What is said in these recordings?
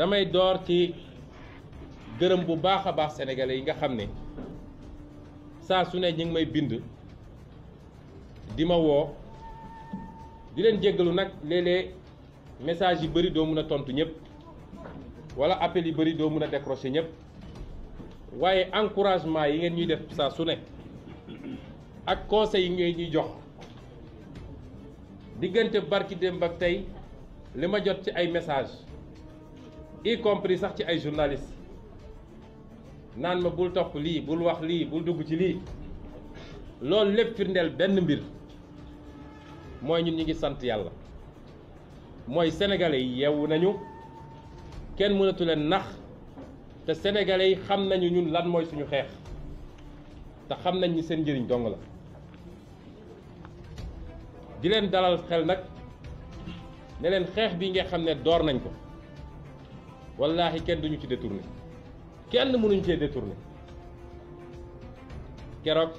damay door ci gërëm bu baax a baax sénégalais yi nga xam ne saa su ne ñu ngi may bind di ma woo di leen jéggalu nag léeg-léeg message yu bëri doo mun a tontu ñëpp wala appel yi bëri doo mun a décrocher ñëpp waaye encouragement yi ngeen ñuy def saa su ne ak conseil yi ngeen ñuy jox diggante barki démb ak tey li ma jot ci ay message y compris sax ci ay journaliste naan ma bul topp lii bul wax lii bul dugg ci lii loolu lépp firndeel benn mbir mooy ñu ñu ngi sant yàlla mooy sénégalais yi yeewu nañu kenn mënatu leen nax te sénégalais yi xam nañu ñun lan mooy suñu xeex te xam nañ ni seen njëriñ dong la di leen dalal xel nag ne xeex bi nga xam ne door nañ ko wallaahi kenn duñu ci détourné kenn mënuñ cee détourné keroog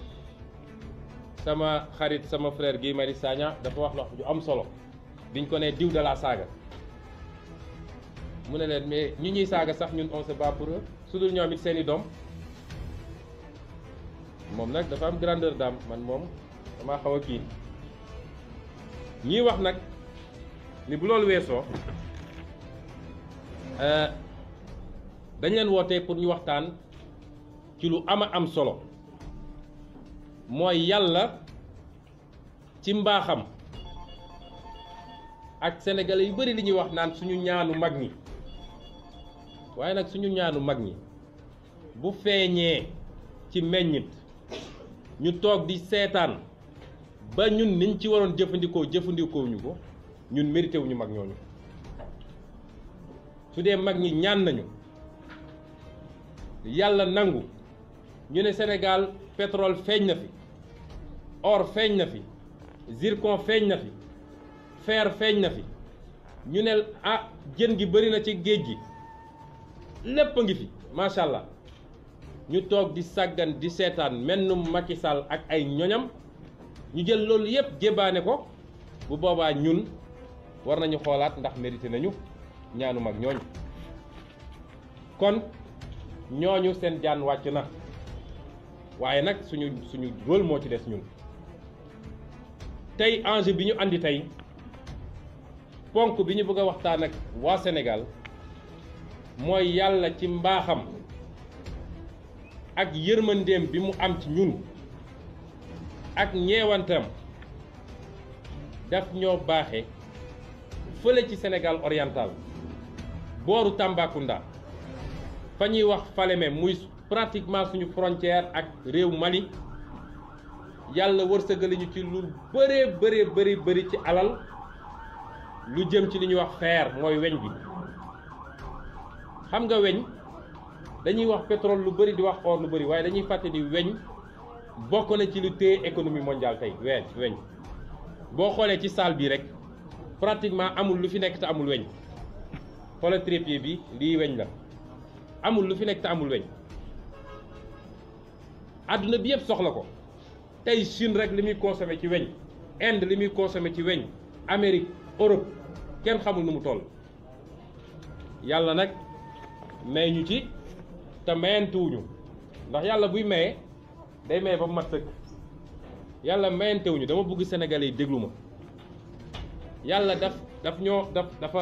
sama xarit sama frère Guy Marius saaña dafa wax wax yu am solo biñ ko nee diw da laa saaga mu ne leen mais ñi ñuy saaga sax ñun on se pour su dul ñoom it seen doom moom nag dafa am grandeur daam man moom damaa xaw a kii ñiy wax nag ni bu loolu weesoo Euh, dañ leen woote pour ñu waxtaan ci lu am a am solo mooy yàlla ci mbaaxam ak sénégalais yu bari li ñuy wax naan suñu ñaanu mag ñi waaye nag suñu ñaanu mag ñi bu feeñee ci meññit ñu toog di seetaan ba ñun niñ ci waroon jëfandikoo jëfandikoo ñu ko ñun mérité mag ñooñu su dee mag ñi ñaan nañu yàlla nangu ñu ne senegaal pétrole feeñ na fi or feeñ na fi zircon feeñ na fi fer feeñ na fi ñu ne ah jën gi bëri na ci géej gi lépp a ngi fi macha allah ñu toog di sàggan di seetaan mennum Macky Sall ak ay ñoñam ñu jël loolu yépp jébaane ko bu boobaa ñun war nañu xoolaat ndax mérité nañu ñaanu mag ñooñ kon ñooñu seen jaan wàcc na waaye nag suñu suñu rôle moo ci des ñun tey enjeu bi ñu andi tey ponk bi ñu bëgg a waxtaan ak waa Sénégal mooy yàlla ci mbaaxam ak yërmandeem bi mu am ci ñun ak ñeewantam daf ñoo baaxe fële ci Sénégal oriental boru Tambacounda kunda, ñuy wax Falémé muy pratiquement suñu frontière ak réew Mali yalla wërsegal ñu ci lu béré béré béré béré ci alal lu jëm ci li wax fer moy wéñ bi xam nga wéñ dañuy wax pétrole lu béré di wax or lu bëri waye dañuy faté di wéñ bokk na ci lu té économie mondiale tay wéñ wéñ bo xolé ci salle bi rek pratiquement amul lu fi nek ta amul wéñ xoolal trépied bi lii weñ la amul lu fi nekk amul weñ àdduna bi yëpp soxla ko tey Chine rek li muy consommé ci weñ Inde li muy consommé ci weñ Amérique Europe kenn xamul nu mu toll yàlla nag may ñu ci te mayantuwuñu ndax yàlla buy maye day maye ba mu mat sëkk yàlla mayantewuñu dama bugg Sénégalais yi déglu ma yàlla daf daf ñoo daf dafa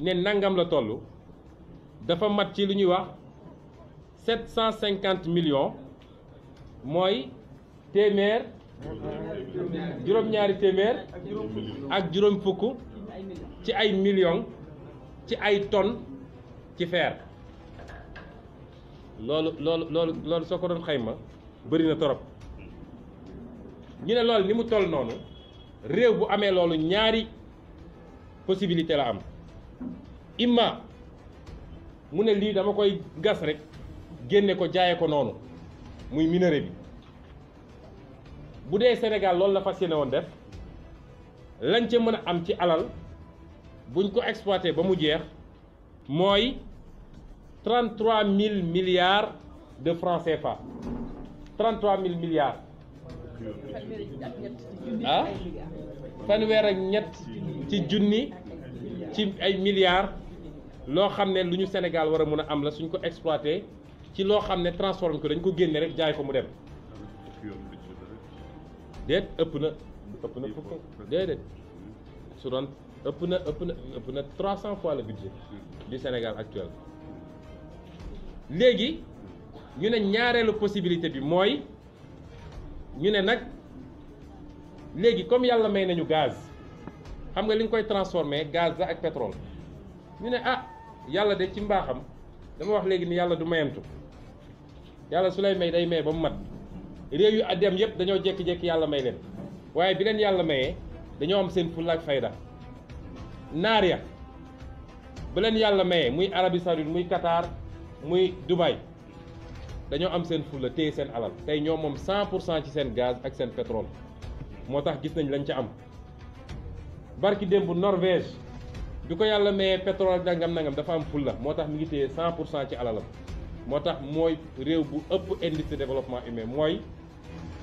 ne nangam la toll dafa mat ci lu ñuy wax sept cinquante millions mooy téeméer juróom-ñaari téeméer ak juróom fukk ci ay millions ci ay tonnes ci fer loolu loolu loolu soo ko doon xayma bëri na torop ñu ne loolu li mu toll noonu réew bu amee loolu ñaari possibilité la am imma mu ne li dama koy gas rek genné ko jaayé ko nonu muy minéré bi budé Sénégal lool la fas won def lañ ci mëna am ci alal buñ ko exploiter ba mu jeex moy 33000 milliards de francs CFA 33000 milliards ah fanweer ak ñet ci junni ci ay milliards loo xamné luñu Sénégal wara mëna am la suñ ko exploiter ci lo xamné ne transforme ko dañ ko génne rek jaay ko mu dem déet ëpp na ëpp na fukk déedéet su doon ëpp na ëpp na ëpp na 300 fois le budget du Sénégal actuel léegi ñu ne ñaareelu possibilité bi mooy ñu ne nag léegi comme yàlla may nañu gaz xam nga li nga koy transformer gaz la ak pétrole ñu ne ah Yalla de ci mbaxam dama wax legui ni Yalla du mayantu yalla su lay may day may ba mat réew yu adem yep dañu jek jek yalla may len waaye bi len yalla maye dañu am sen fulak fayda nar ya bu len yalla maye muy Arabie Saoudite muy Qatar muy Dubai, dañu am sen fulla tey sen alal tey ñom mom 100 ci sen gaz ak sen pétrole motax gis nañ lañ ci am barki dembu Norvège bi ko yàlla mayee pétrole dangam nangam dafa am fulla moo tax mu ngi téye 100 pour cent ci alalam moo tax mooy réew bu ëpp indice de développement humain mooy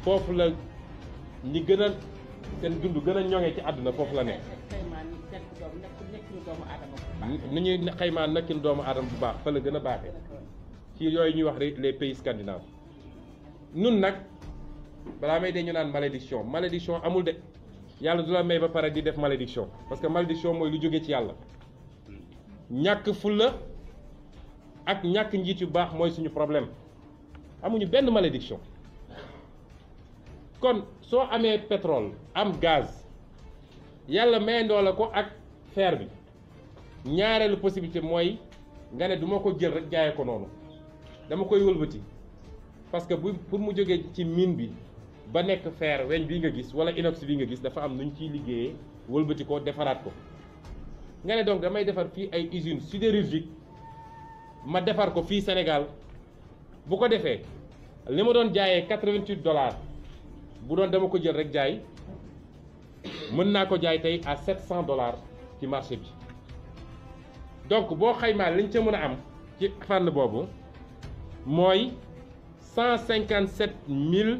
foofu la ñi gën a seen dund gën a ñoŋee ci àdduna foofu la nekk. ni ñuy xaymaa nekkin doomu aadama bu baax fa la gën a baaxee ci yooyu ñuy wax rek les pays scandinaves nun nag balaa may dee ñu naan malédiction malédiction amul de. yalla du la may ba paré di def malédiction parce que malédiction moy lu jóge ci yalla ñàkk fulla ak ñàkk njit yu bax moy suñu problème amuñu benn malédiction kon so amé pétrole am gaz yalla may la ko ak fer bi ñaareelu possibilité moy nga ne du ma ko jël rek jaayee ko noonu dama koy wëlbati parce que pour mu jógee ci mine bi ba nekk fer weñ bi wala inox bi nga gis dafa am nuñ ciy ko ko nga donc damay defar fii ay usine sidérurgique ma Sénégal bu ko 88 dollars bu doon dama ko jël rek jaay mën ko à 700 dollars ci marché bi donc liñ 157 000.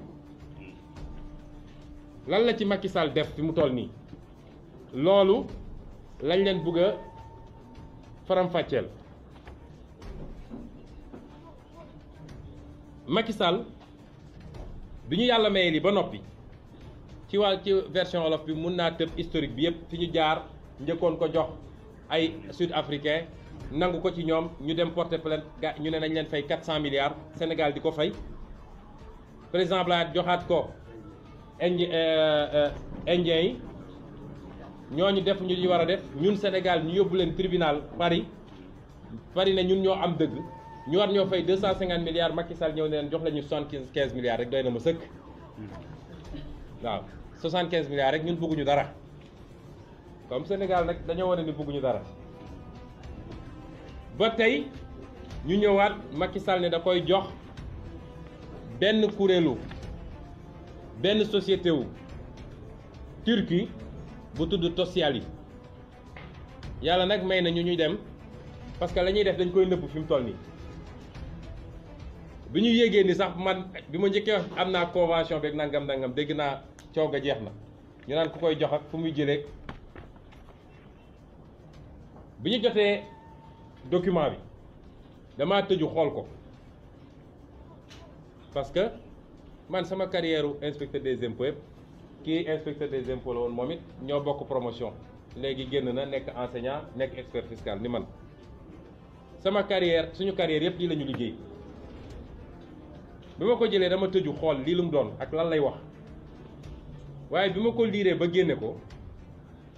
lan la ci Macky Sall def fi mu toll nii loolu lañ leen bëgg a faram-fàcceel Macky Sall bi ñu yàlla ba noppi ci wàll ci version wolof bi mun naa tëb historique bi yëpp fi ñu jaar njëkkoon ko jox ay sud africain nangu ko ci ñoom ñu dem porter plainte ga ñu ne nañ leen fay 400 milliards Sénégal di ko fay président Blanc joxaat ko. NJ indien euh, euh, yi ñooñu def ñu li war def ñun Sénégal ñu tribunal Paris Paris ne ñun ñoo am dëgg ñu war ñoo fay deux milliards Macky Sall ñëw ne jox la ñu milliards rek doy ma sëkk waaw soixante milliards rek ñun bëgguñu dara comme Sénégal dañoo ni bëgguñu dara ba ñu ñëwaat Macky Sall ne da koy jox ben société wu Turquie butu du Tosyali yalla nak mayna na ñu ñuy dem parce que lañuy def dañ koy neub fi mu toll nii bi ñu ni sax man bima ma amna wax am naa convention beeg nangam nangam dégg na coow ga jeex ñu nan ku koy jox ak fu muy jëlee biñu ñu document bi dama tëju xol ko parce que man sama carrière inspecteur des impôts qui inspecteur des impôts la woon moom it ñoo bokk promotion légui génn na nek enseignant nek expert fiscal ni man sama carrière suñu carrière yëpp di lañu ñu liggéey bi ko jëlee dama tëju xol li lu doon ak lan lay wax waye bima ko liiree ba génne ko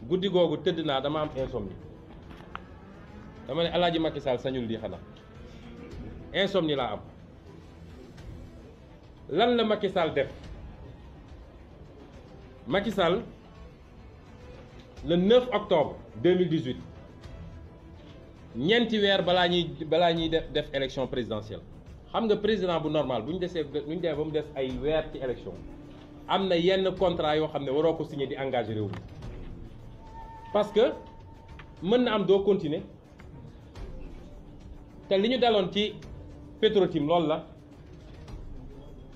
goudi googu tëdd naa dama am insomnie dama né Alaaji Macky Sall sañul di xana insomnie la am lan la Macky Sall def Macky le 9 octobre 2018 ñenti wër balaa ñuy balaa ñuy def élection présidentielle xam nga président bu normal bu déssé desee bu ñu demee ba mu ay wër ci élection am yenn contrat yo xamné ne ko signé di engagé réew parce que mën na am do continuer té liñu dalon ci petro lool la.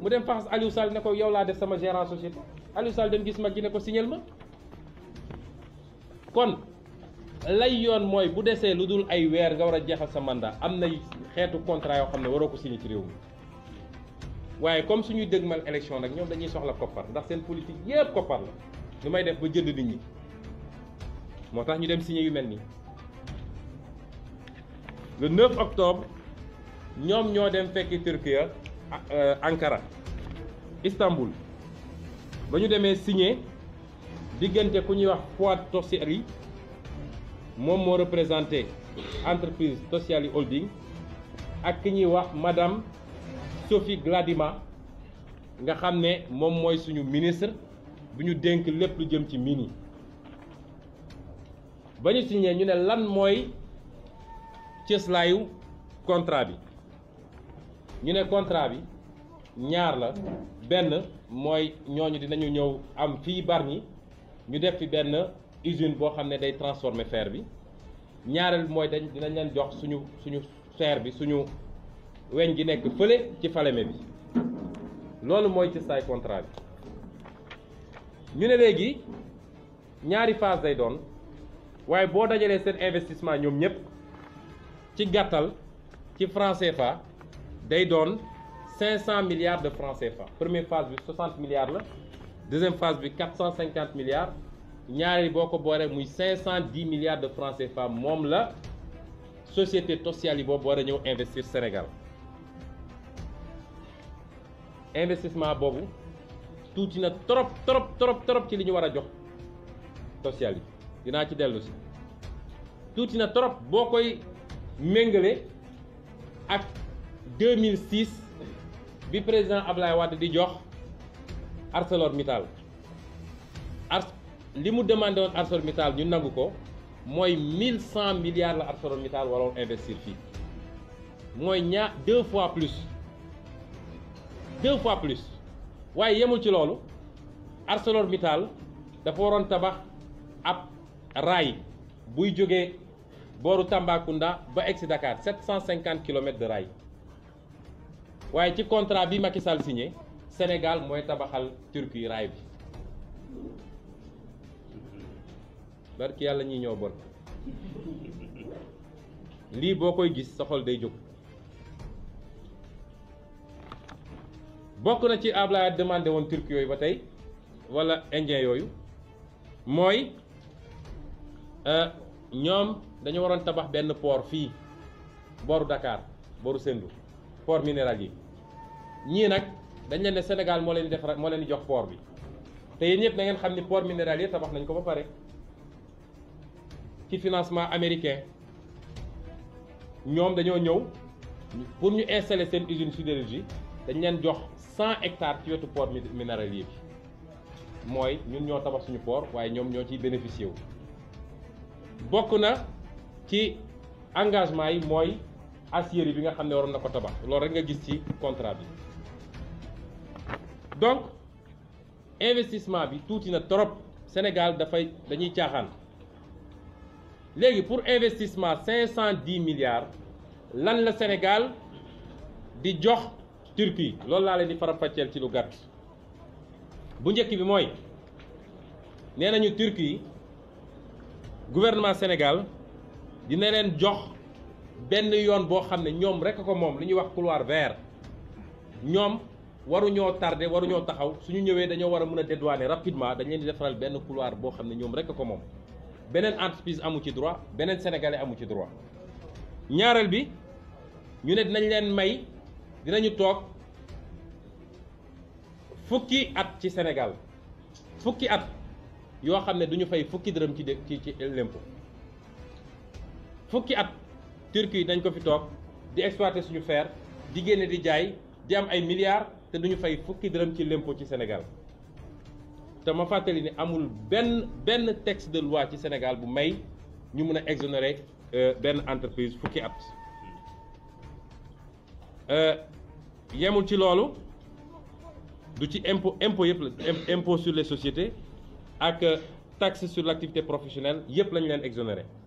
mu dem faxas Aliou Sall ne ko yow laa def sama gérant société Aliou Sall dem gis mag gi ne ko signal ma kon lay yoon mooy bu desee lu dul ay weer nga war a jeexal sa mandat am na xeetu contrat yoo xam ne waroo ko signé ci réew mi waaye comme suñuy dëgmal élection nag ñoom dañuy soxla koppar ndax seen politique yëpp koppar la ñu may def ba jënd nit ñi moo tax ñu dem signé yu mel nii le 9 octobre ñoom ñoo dem fekki Turquie Euh, Ankara Istanbul ba ñu demee signé diggante ku ñuy wax Fuat Toseri moom moo représenté entreprise Toseri Holding ak ki ñuy wax madame Sophie Gladima nga xam ne moom mooy suñu ministre bi ñu dénk lépp lu jëm ci mine yi ba ñu signé ñu ne lan mooy cëslaayu contrat bi ñu ne contrat bi ñaar la ben moy ñoñu dinañu ñëw am fi Bargny ñu def fi ben usine bo day transformer fer bi ñaaral moy dañ dinañ leen jox suñu suñu fer bi suñu gi ci bi contrat bi ñu ne légui ñaari phase day doon investissement ci day donnent 500 milliards de francs CFA première phase 60 milliards la deuxième phase 450 milliards ñaari Boko Boré, 510 milliards de francs CFA Mom la société Tosiali yi boobu war investir au Sénégal investissement Tout Tout na trop trop trop trop ci li ñu war jox Tosyali yi ci dellu Tout trop beaucoup koy ak. 2006 bi président Ablaye Wade di jox ArcelorMittal Ce qui mu demandé à ArcelorMittal ñu nangu ko 1100 milliards d'ArcelorMittal, ArcelorMittal waroon investir fii mooy deux fois plus deux fois plus waaye yemul ci loolu ArcelorMittal dafa waroon tabax ab raay buy borutamba booru Tambacounda ba Dakar 750 km de rail waaye ci contrat bi Macky Sall signé mooy tabaxal Turquie raay bi barki yàlla ñuy ñoo bon lii boo koy gis sa day jóg bokk na ci Ablaye demande woon turc yooyu ba tey walla indien yooyu mooy euh, ñoom dañu waroon tabax benn port fii boru Dakar boru Sendou port minéral yi ñii nak dañ leen ne Sénégal moo leen def defar moo leen di jox port bi te yéen ñëpp na ngeen xam ni port minéral yi tabax nañ ko ba pare ci financement américain ñoom dañoo ñëw pour ñu installer seen usine sidérurgie dañ leen jox 100 hectares ci wetu port minéral yi mooy ñun ñoo tabax suñu port waaye ñoom ñoo ciy bénéficier wu bokk na ci engagement yi mooy aciérie bi nga xam ne waroon na ko tabax loolu rek nga gis ci contrat bi donc investissement bi tuuti na trop Sénégal dafay dañuy caaxaan pour investissement 510 milliards lan la Sénégal di jox Turquie loolu la leen di fara fàcceel ci lu gatt. bu bi moy nee nañu Turquie gouvernement Sénégal dina leen jox benn yoon bo xamné ñom rek ko mom liñu wax couloir vert ñom waruñoo tardé waruñoo taxaw suñu ñëwee dañoo war a mën a dédouaner rapidement dañ leen di defaral benn couloir boo xam ne ñoom rek ko moom beneen entreprise amu ci droit beneen sénégalais amu ci droit ñaareel bi ñu ne dinañ leen may dinañu toog fukki at ci Sénégal fukki at yoo xam ne duñu fay fukki dërëm ci ci ci lempo fukki at Turquie dañ ko fi toog di exploiter suñu fer di génne di jaay di am ay milliards te duñu fay fukki dërëm ci l'impôt ci Sénégal te ma fàttali ni amul benn benn texte de loi ci Sénégal bu may ñu mun a exonérer euh, benn entreprise fukki at euh, yemul ci loolu du ci impo impôt yëpp la impôt sur les sociétés ak euh, taxe sur l' activité professionnelle yëpp lañ leen exonéré